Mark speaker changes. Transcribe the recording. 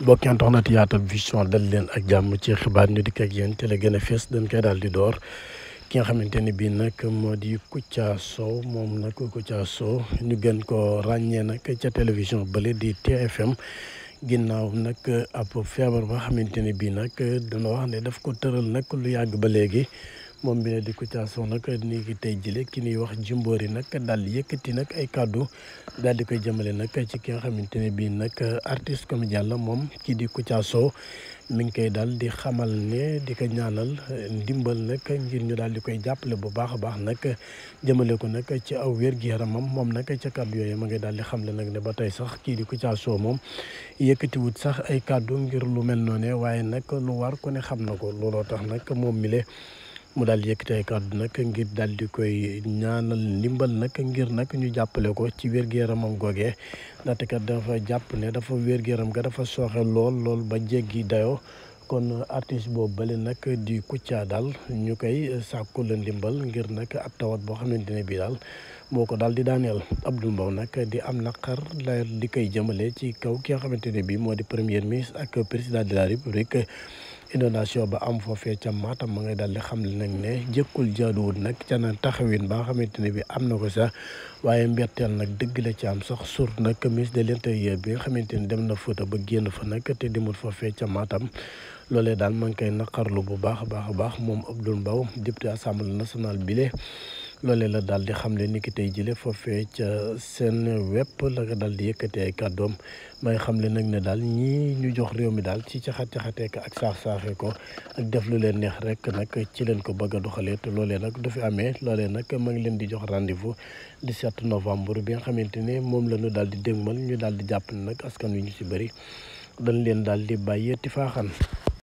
Speaker 1: mbokki internet Yatal Vision dal leen ak jàmm ci xibaar ñu dikk ak yéen te la gën a fees dañ koy daal di door ki nga xamante ni bii nag moo di ca soow moom nag ca soow ñu gën ko ràññee nag ca télévision bële di TFM ginnaaw nag ab feebar ba xamante ni bii nag dana wax ne daf ko tëral nag lu yàgg ba léegi moom bi di Kouthia Show nag ni ki tey jële ki ñuy wax Jimbori nag daal di yëkkati nag ay kàddu daal di koy jëmale nag ci ki nga xamante ne bii nag artiste comédien moom kii di Kouthia Show mi ngi koy daal di xamal ne di ko ñaanal ndimbal nag ngir ñu daal di koy jàppale bu baax a baax nag jëmale ko nag ci aw wér-gi-yaramam moom nag ca kàddu yooyu ma ngi daal di xam xamle nag ne ba tey sax kii di Kouthia Show moom yëkkatiwut sax ay kàddu ngir lu mel noonu waaye nag lu war ku ne xam na ko looloo tax nag moom mi mu daal di te ay kàddu nag ngir daal di koy ñaanal ndimbal nag ngir nag ñu jàppale ko ci wér-gu-yaramam googee ndaxte kat dafa jàpp ne dafa wér-gu-yaram ga dafa sooxe lool lool ba jéggi dayoo kon artiste boobu bële nag di Kouthia daal ñu koy sàkku la ndimbal ngir nag ab tawat boo xamante ne bii daal moo ko daal di daaneel Abdou Mbow nag di am naqar la di koy jëmale ci kaw ki nga xamante ne bii moo di premier ministre ak président de la république. indonation ba am foofee ca maatam ma ngay daal di xam le nag ne jëkkul jaaduwut nag ca na taxawin ba nga xamante ne bi am na ko sax waaye mbetteel nag dëgg la ci am sax sur nag ministre de l'intérieur bi nga xamante ni dem na Fuuta ba génn fa nag te demul foofee ca maatam loole daal ma ngi koy naqarlu bu baax a baax a baax moom Abdoul Mbow député assemblée national bile loolee la daal di xamle ni ki tey jile foofee ca seen wepp la nga daal di yëkkatee ay kàddoom may xamle nag ne daal ñii ñu jox réew mi daal ci caxat caxatee ko ak saax saaxee ko ak def lu leen neex rek nag ci leen ko bëgg a doxalee te loolee nag du fi amee loolee nag ma ngi leen di jox rendez-vous 17 novembre bi nga xamante ne moom la ñu daal di mal ñu daal di jàpp nag askan wi ñu ci bëri dañ leen daal di bàyyi ti faaxan